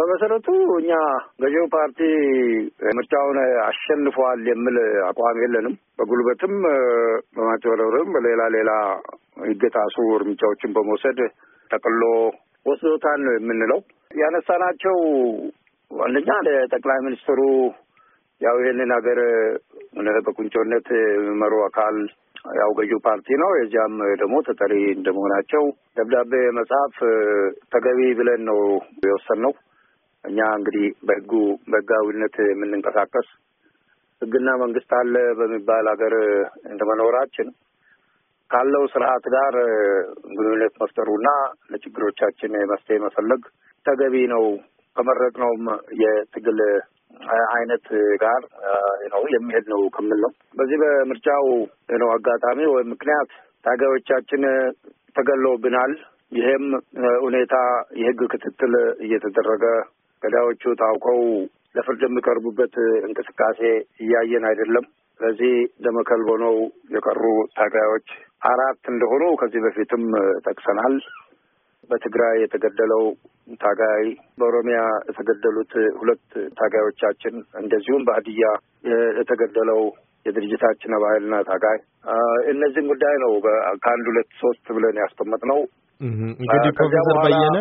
በመሰረቱ እኛ ገዢው ፓርቲ ምርጫውን አሸንፈዋል የሚል አቋም የለንም። በጉልበትም በማጭበርበርም በሌላ ሌላ ይገጣሱ እርምጃዎችን በመውሰድ ጠቅሎ ወስዶታል ነው የምንለው። ያነሳናቸው አንደኛ ለጠቅላይ ሚኒስትሩ ያው ይህንን ሀገር በቁንጮነት የሚመሩ አካል ያው ገዢው ፓርቲ ነው። የዚያም ደግሞ ተጠሪ እንደመሆናቸው ደብዳቤ መጽሐፍ ተገቢ ብለን ነው የወሰን ነው። እኛ እንግዲህ በህጉ በህጋዊነት የምንንቀሳቀስ ህግና መንግስት አለ በሚባል ሀገር እንደመኖራችን ካለው ስርዓት ጋር ግንኙነት መፍጠሩና ለችግሮቻችን መፍትሄ መፈለግ ተገቢ ነው። ከመረጥነውም የትግል አይነት ጋር ነው የሚሄድ ነው ከምል ነው። በዚህ በምርጫው ነው አጋጣሚ ወይም ምክንያት ታጋዮቻችን ተገለውብናል። ይህም ሁኔታ የህግ ክትትል እየተደረገ ገዳዮቹ ታውቀው ለፍርድ የሚቀርቡበት እንቅስቃሴ እያየን አይደለም። ስለዚህ ደመከል ሆነው የቀሩ ታጋዮች አራት እንደሆኑ ከዚህ በፊትም ጠቅሰናል። በትግራይ የተገደለው ታጋይ፣ በኦሮሚያ የተገደሉት ሁለት ታጋዮቻችን፣ እንደዚሁም በሀዲያ የተገደለው የድርጅታችን አባልና ታጋይ እነዚህም ጉዳይ ነው ከአንድ ሁለት ሶስት ብለን ያስቀመጥነው። እንግዲህ ፕሮፌሰር በየነ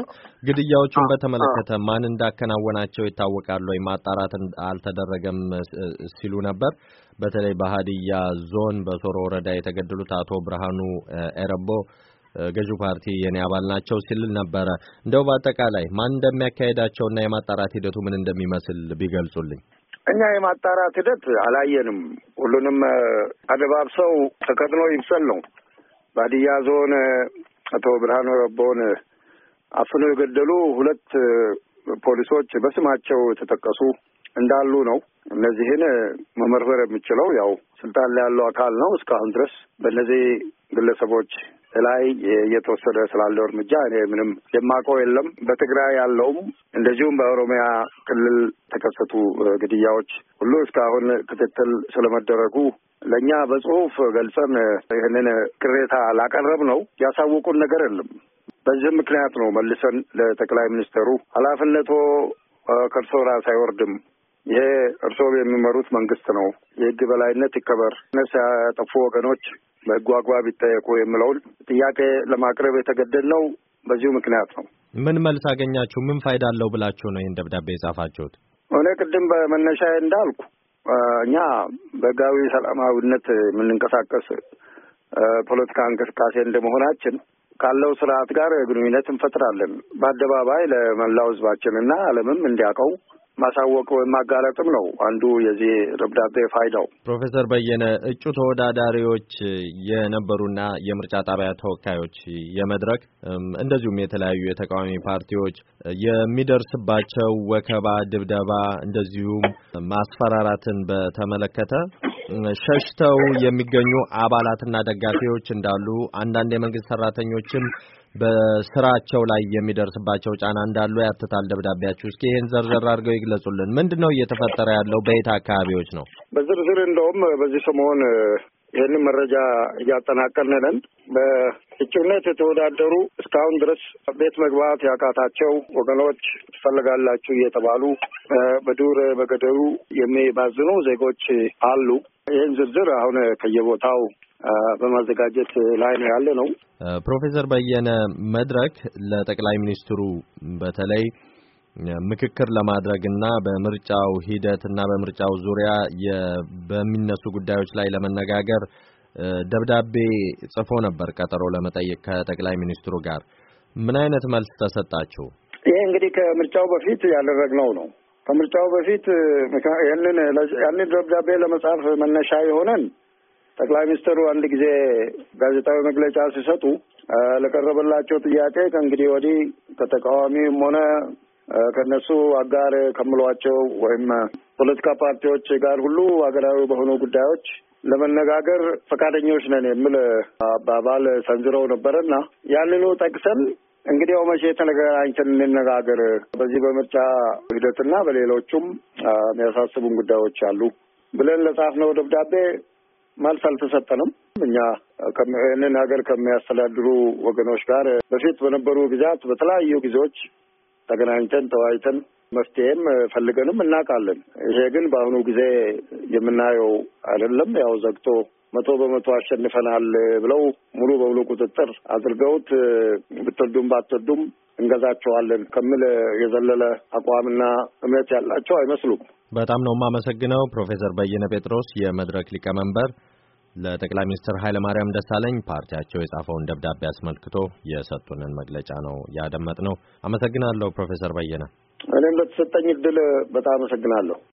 ግድያዎቹን በተመለከተ ማን እንዳከናወናቸው ይታወቃሉ ወይ? ማጣራት አልተደረገም ሲሉ ነበር። በተለይ በሀዲያ ዞን በሶሮ ወረዳ የተገደሉት አቶ ብርሃኑ ኤረቦ ገዢው ፓርቲ የኔ አባል ናቸው ሲል ነበረ። እንደው በአጠቃላይ ማን እንደሚያካሄዳቸውና የማጣራት ሂደቱ ምን እንደሚመስል ቢገልጹልኝ። እኛ የማጣራት ሂደት አላየንም። ሁሉንም አደባብሰው ተከትኖ ይብሰል ነው። ባዲያ ዞን አቶ ብርሃኑ ረቦን አፍነው የገደሉ ሁለት ፖሊሶች በስማቸው የተጠቀሱ እንዳሉ ነው። እነዚህን መመርመር የምችለው ያው ስልጣን ላይ ያለው አካል ነው። እስካሁን ድረስ በእነዚህ ግለሰቦች ላይ እየተወሰደ ስላለው እርምጃ እኔ ምንም የማውቀው የለም። በትግራይ ያለውም እንደዚሁም በኦሮሚያ ክልል ተከሰቱ ግድያዎች ሁሉ እስካሁን ክትትል ስለመደረጉ ለእኛ በጽሁፍ ገልጸን ይህንን ቅሬታ ላቀረብ ነው ያሳወቁን ነገር የለም። በዚህም ምክንያት ነው መልሰን ለጠቅላይ ሚኒስትሩ ኃላፊነቶ ከእርሶ ራስ አይወርድም ይሄ እርስዎ የሚመሩት መንግስት ነው፣ የህግ በላይነት ይከበር፣ ነፍስ ያጠፉ ወገኖች በህጉ አግባብ ይጠየቁ የሚለውን ጥያቄ ለማቅረብ የተገደድነው በዚሁ ምክንያት ነው። ምን መልስ አገኛችሁ? ምን ፋይዳ አለው ብላችሁ ነው ይህን ደብዳቤ የጻፋችሁት? እኔ ቅድም በመነሻ እንዳልኩ እኛ በህጋዊ ሰላማዊነት የምንንቀሳቀስ ፖለቲካ እንቅስቃሴ እንደመሆናችን ካለው ስርዓት ጋር ግንኙነት እንፈጥራለን። በአደባባይ ለመላው ህዝባችንና ዓለምም እንዲያውቀው ማሳወቅ ወይም ማጋለጥም ነው አንዱ የዚህ ደብዳቤ ፋይዳው። ፕሮፌሰር በየነ እጩ ተወዳዳሪዎች የነበሩና የምርጫ ጣቢያ ተወካዮች የመድረክ እንደዚሁም የተለያዩ የተቃዋሚ ፓርቲዎች የሚደርስባቸው ወከባ፣ ድብደባ እንደዚሁም ማስፈራራትን በተመለከተ ሸሽተው የሚገኙ አባላትና ደጋፊዎች እንዳሉ አንዳንድ የመንግስት ሰራተኞችም በስራቸው ላይ የሚደርስባቸው ጫና እንዳሉ ያትታል ደብዳቤያችሁ። እስኪ ይህን ዘርዘር አድርገው ይግለጹልን። ምንድን ነው እየተፈጠረ ያለው? በየት አካባቢዎች ነው? በዝርዝር እንደውም በዚህ ሰሞን ይህንን መረጃ እያጠናቀልን ነን። በእጩነት የተወዳደሩ እስካሁን ድረስ ቤት መግባት ያቃታቸው ወገኖች ትፈልጋላችሁ እየተባሉ በዱር በገደሉ የሚባዝኑ ዜጎች አሉ። ይህን ዝርዝር አሁን ከየቦታው በማዘጋጀት ላይ ነው ያለ ነው። ፕሮፌሰር በየነ መድረክ ለጠቅላይ ሚኒስትሩ በተለይ ምክክር ለማድረግና በምርጫው ሂደትና በምርጫው ዙሪያ በሚነሱ ጉዳዮች ላይ ለመነጋገር ደብዳቤ ጽፎ ነበር ቀጠሮ ለመጠየቅ ከጠቅላይ ሚኒስትሩ ጋር። ምን አይነት መልስ ተሰጣችሁ? ይሄ እንግዲህ ከምርጫው በፊት ያደረግነው ነው። ከምርጫው በፊት ያንን ደብዳቤ ለመጻፍ መነሻ የሆነን ጠቅላይ ሚኒስትሩ አንድ ጊዜ ጋዜጣዊ መግለጫ ሲሰጡ ለቀረበላቸው ጥያቄ ከእንግዲህ ወዲህ ከተቃዋሚም ሆነ ከእነሱ አጋር ከምሏቸው ወይም ፖለቲካ ፓርቲዎች ጋር ሁሉ ሀገራዊ በሆኑ ጉዳዮች ለመነጋገር ፈቃደኞች ነን የሚል አባባል ሰንዝረው ነበረና ያንኑ ጠቅሰን እንግዲህ መቼ ተገናኝተን እንነጋገር በዚህ በምርጫ ሂደትና በሌሎቹም የሚያሳስቡን ጉዳዮች አሉ ብለን ለጻፍነው ደብዳቤ መልስ አልተሰጠንም። እኛ ይህንን ሀገር ከሚያስተዳድሩ ወገኖች ጋር በፊት በነበሩ ጊዜያት በተለያዩ ጊዜዎች ተገናኝተን ተወያይተን መፍትሄም ፈልገንም እናውቃለን። ይሄ ግን በአሁኑ ጊዜ የምናየው አይደለም። ያው ዘግቶ መቶ በመቶ አሸንፈናል ብለው ሙሉ በሙሉ ቁጥጥር አድርገውት ብትወዱም ባትወዱም እንገዛቸዋለን ከሚል የዘለለ አቋምና እምነት ያላቸው አይመስሉም። በጣም ነው የማመሰግነው ፕሮፌሰር በየነ ጴጥሮስ የመድረክ ሊቀመንበር ለጠቅላይ ሚኒስትር ኃይለ ማርያም ደሳለኝ ፓርቲያቸው የጻፈውን ደብዳቤ አስመልክቶ የሰጡንን መግለጫ ነው ያደመጥነው። አመሰግናለሁ ፕሮፌሰር በየነ። እኔም ለተሰጠኝ እድል በጣም አመሰግናለሁ።